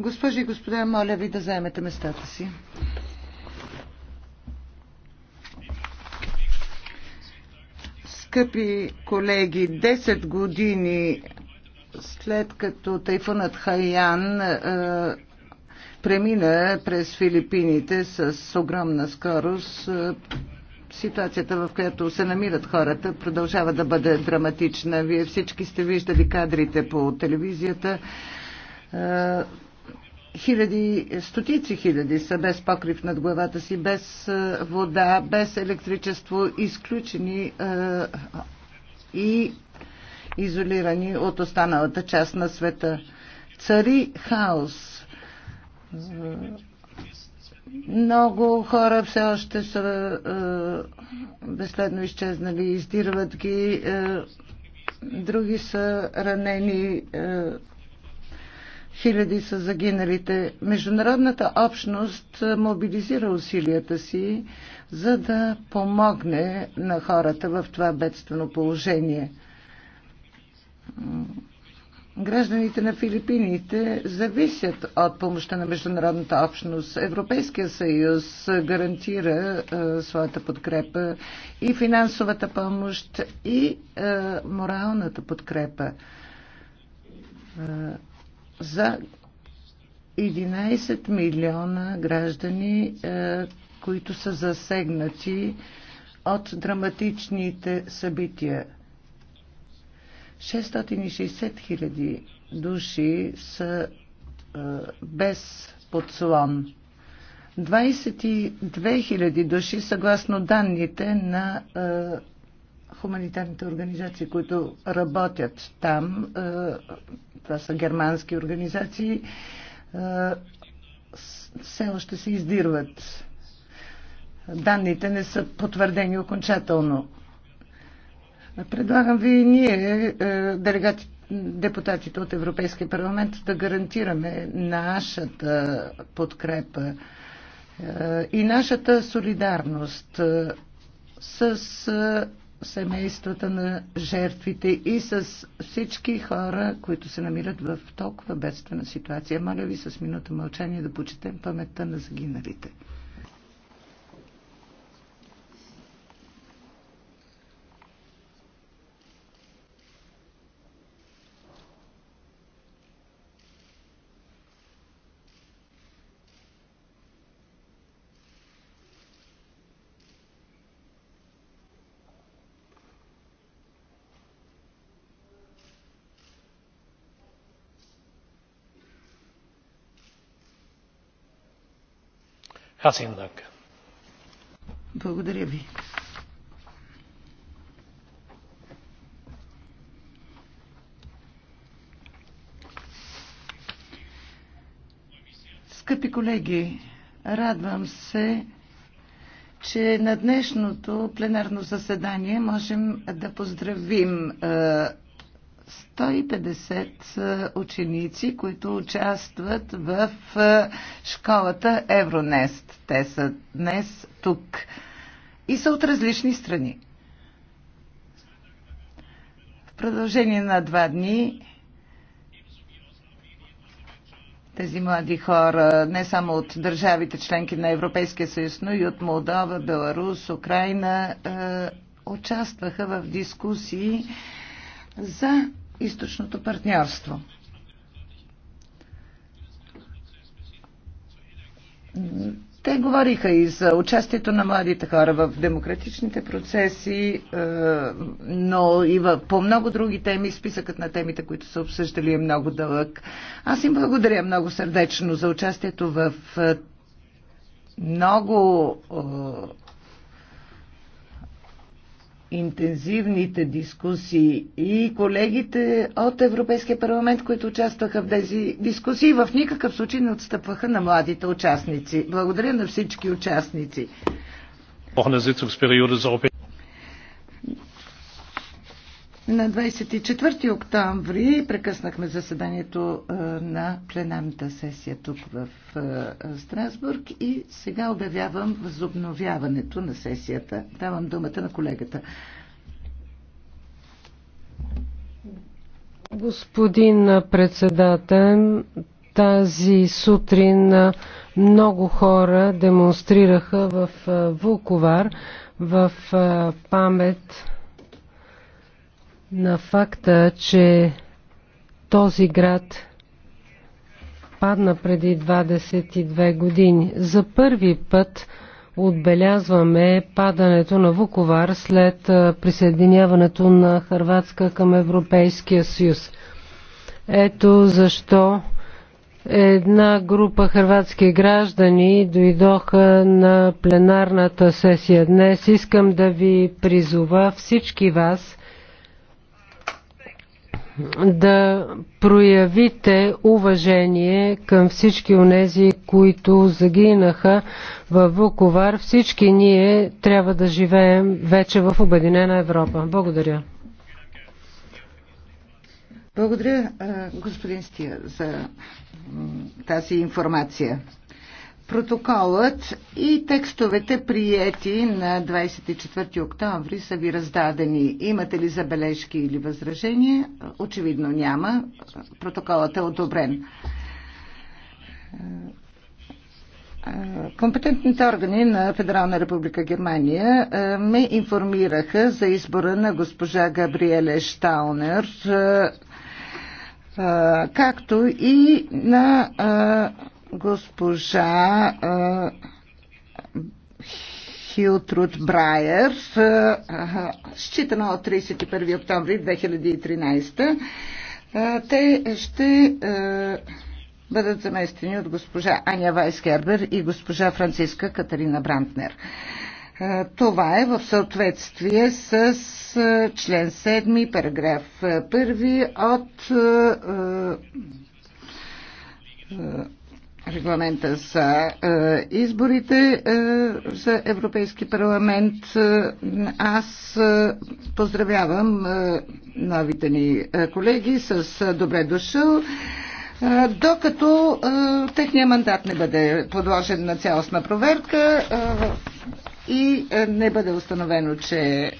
Госпожи и господа, моля ви да заемете местата си. Скъпи колеги, 10 години след като тайфунът Хайян е, премина през Филипините с огромна скорост, е, ситуацията, в която се намират хората, продължава да бъде драматична. Вие всички сте виждали кадрите по телевизията. Е, хиляди, стотици хиляди са без покрив над главата си, без вода, без електричество, изключени и изолирани от останалата част на света. Цари хаос. Много хора все още са е, безследно изчезнали, издирват ги, е, други са ранени. Е, хиляди са загиналите. Международната общност мобилизира усилията си, за да помогне на хората в това бедствено положение. Гражданите на Филипините зависят от помощта на международната общност. Европейския съюз гарантира е, своята подкрепа и финансовата помощ, и е, моралната подкрепа. Е, за 11 милиона граждани, е, които са засегнати от драматичните събития. 660 хиляди души са е, без подслон. 22 000 души, съгласно данните на е, хуманитарните организации, които работят там, е, това са германски организации, все още се издирват. Данните не са потвърдени окончателно. Предлагам ви и ние, е, делегати, депутатите от Европейския парламент, да гарантираме нашата подкрепа е, и нашата солидарност е, с семействата на жертвите и с всички хора, които се намират в толкова бедствена ситуация. Моля ви с минута мълчание да почетем паметта на загиналите. Herzlichen Dank. Благодаря ви. Скъпи колеги, радвам се, че на днешното пленарно заседание можем да поздравим е, 150 ученици, които участват в школата Евронест. Те са днес тук и са от различни страни. В продължение на два дни тези млади хора, не само от държавите членки на Европейския съюз, но и от Молдова, Беларус, Украина, участваха в дискусии за източното партньорство. Те говориха и за участието на младите хора в демократичните процеси, е, но и по много други теми. Списъкът на темите, които са обсъждали е много дълъг. Аз им благодаря много сърдечно за участието в е, много е, интензивните дискусии и колегите от Европейския парламент, които участваха в тези дискусии, в никакъв случай не отстъпваха на младите участници. Благодаря на всички участници. На 24 октомври прекъснахме заседанието на пленарната сесия тук в Страсбург и сега обявявам възобновяването на сесията. Давам думата на колегата. Господин председател, тази сутрин много хора демонстрираха в Вулковар в памет на факта, че този град падна преди 22 години. За първи път отбелязваме падането на Вуковар след присъединяването на Харватска към Европейския съюз. Ето защо една група хрватски граждани дойдоха на пленарната сесия днес. Искам да ви призова всички вас да проявите уважение към всички онези, които загинаха в Вуковар. Всички ние трябва да живеем вече в Обединена Европа. Благодаря. Благодаря, господин Стия, за тази информация. Протоколът и текстовете приети на 24 октомври са ви раздадени. Имате ли забележки или възражения? Очевидно няма. Протоколът е одобрен. Компетентните органи на Федерална република Германия е, ме информираха за избора на госпожа Габриеле Штаунер, е, е, както и на госпожа Хилтруд Брайер, считана от 31 октомври 2013. Те ще бъдат заместени от госпожа Аня Вайскербер и госпожа Франциска Катарина Брантнер. Това е в съответствие с член 7, параграф 1 от регламента за е, изборите е, за Европейски парламент. Е, аз поздравявам новите ни колеги с добре дошъл. Докато техния мандат не бъде подложен на цялостна проверка и не бъде установено, че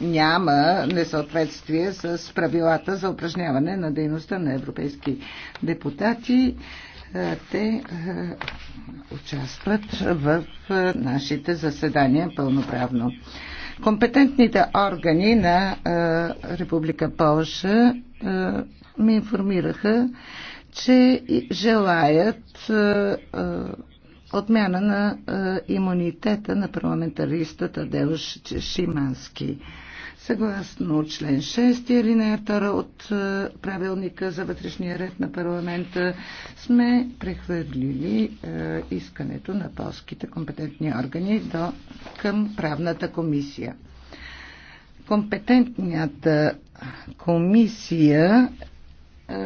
няма несъответствие с правилата за упражняване на дейността на европейски депутати те е, участват в е, нашите заседания пълноправно. Компетентните органи на е, Република Полша ме информираха, че желаят отмяна на имунитета на парламентариста Тадеуш Шимански. Съгласно член 6 алинея 2 от е, правилника за вътрешния ред на парламента сме прехвърлили е, искането на полските компетентни органи до, към правната комисия. Компетентната комисия е,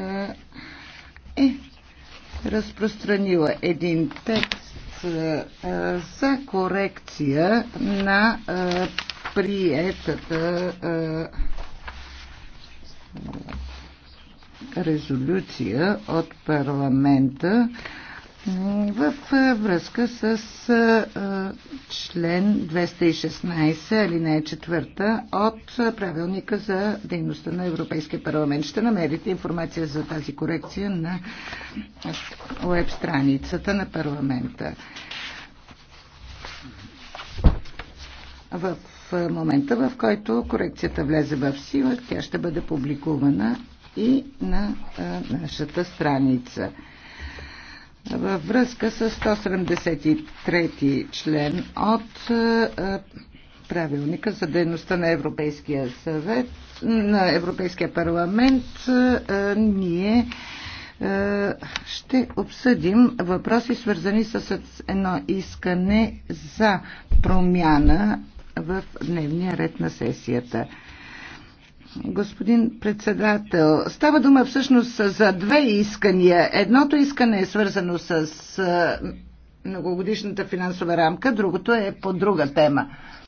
е разпространила един текст е, за корекция на е, приетата резолюция от парламента в връзка с член 216, алинея 4 от правилника за дейността на Европейския парламент. Ще намерите информация за тази корекция на веб страницата на парламента. В момента, в който корекцията влезе в сила, тя ще бъде публикувана и на нашата страница. Във връзка с 173 член от правилника за дейността на Европейския съвет, на Европейския парламент, ние ще обсъдим въпроси, свързани с едно искане за промяна в дневния ред на сесията. Господин председател, става дума всъщност за две искания. Едното искане е свързано с многогодишната финансова рамка, другото е по друга тема.